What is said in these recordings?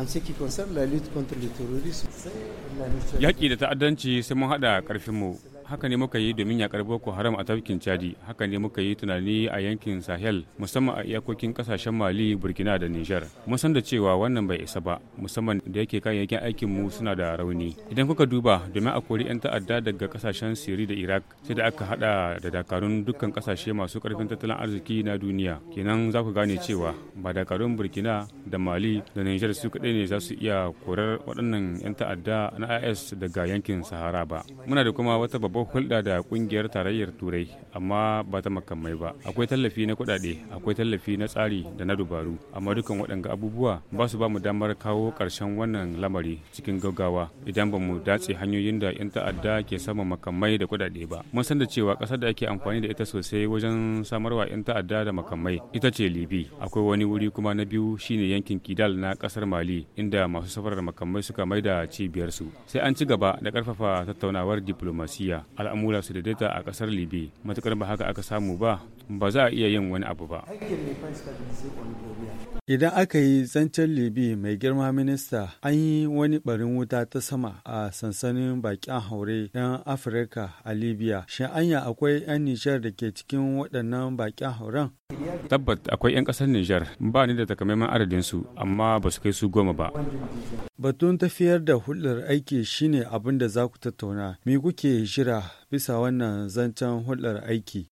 en ce qui concerne la lutte contre le terrorisme. Yaƙi da ta'addanci sai mun haɗa ƙarfinmu haka ne muka yi domin yakar boko haram a tafkin chadi haka ne muka yi tunani a yankin sahel musamman a iyakokin kasashen mali burkina da niger mun san da cewa wannan bai isa ba musamman da yake yankin aikin mu suna da rauni idan kuka duba domin a kori yan ta'adda daga kasashen siri da iraq sai da aka hada da dakarun dukkan kasashe masu karfin tattalin arziki na duniya kenan za ku gane cewa ba dakarun burkina da mali da niger su kadai ne za su iya korar waɗannan yan ta'adda na is daga yankin sahara ba muna da kuma wata babbar ko hulɗa da ƙungiyar tarayyar turai amma ba ta makamai ba akwai tallafi na kuɗaɗe akwai tallafi na tsari da na dubaru amma dukkan waɗanga abubuwa ba su ba mu damar kawo ƙarshen wannan lamari cikin gaggawa idan ba mu datse hanyoyin da 'yan ta'adda ke samun makamai da kuɗaɗe ba mun san da cewa ƙasar da ake amfani da ita sosai wajen samarwa 'yan ta'adda da makamai ita ce libi akwai wani wuri kuma na biyu shine yankin kidal na ƙasar mali inda masu safarar makamai suka maida cibiyarsu sai an ci gaba da ƙarfafa tattaunawar diplomasiya al'amura su daidaita a kasar libya matukar ba haka aka samu ba ba za a iya yin wani abu ba idan aka yi zancen libya mai girma minista an yi wani barin wuta ta sama a sansanin bakin haure 'yan afirka a libya shi anya akwai 'yan nijar da ke cikin waɗannan bakin hauren tabbat akwai 'yan ƙasar nijar ba ni da takamaiman adadinsu amma ba su kai su goma ba Batun tafiyar da hulɗar aiki shine abin da za ku tattauna. Me kuke jira bisa wannan zancen hulɗar aiki?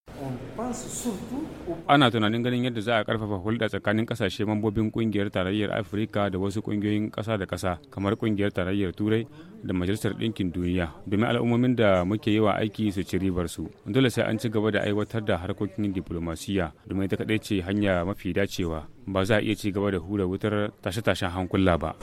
Ana tunanin ganin yadda za a karfafa hulɗa tsakanin kasashe mambobin ƙungiyar tarayyar Afirka da wasu ƙungiyoyin ƙasa da ƙasa kamar ƙungiyar tarayyar Turai da Majalisar Ɗinkin Duniya domin al'ummomin da muke yi wa aiki su ci ribar su. Dole sai an ci gaba da aiwatar da harkokin diplomasiya domin ita kaɗai ce hanya mafi dacewa. Ba za a iya ci gaba da hura wutar tashe-tashen hankula ba.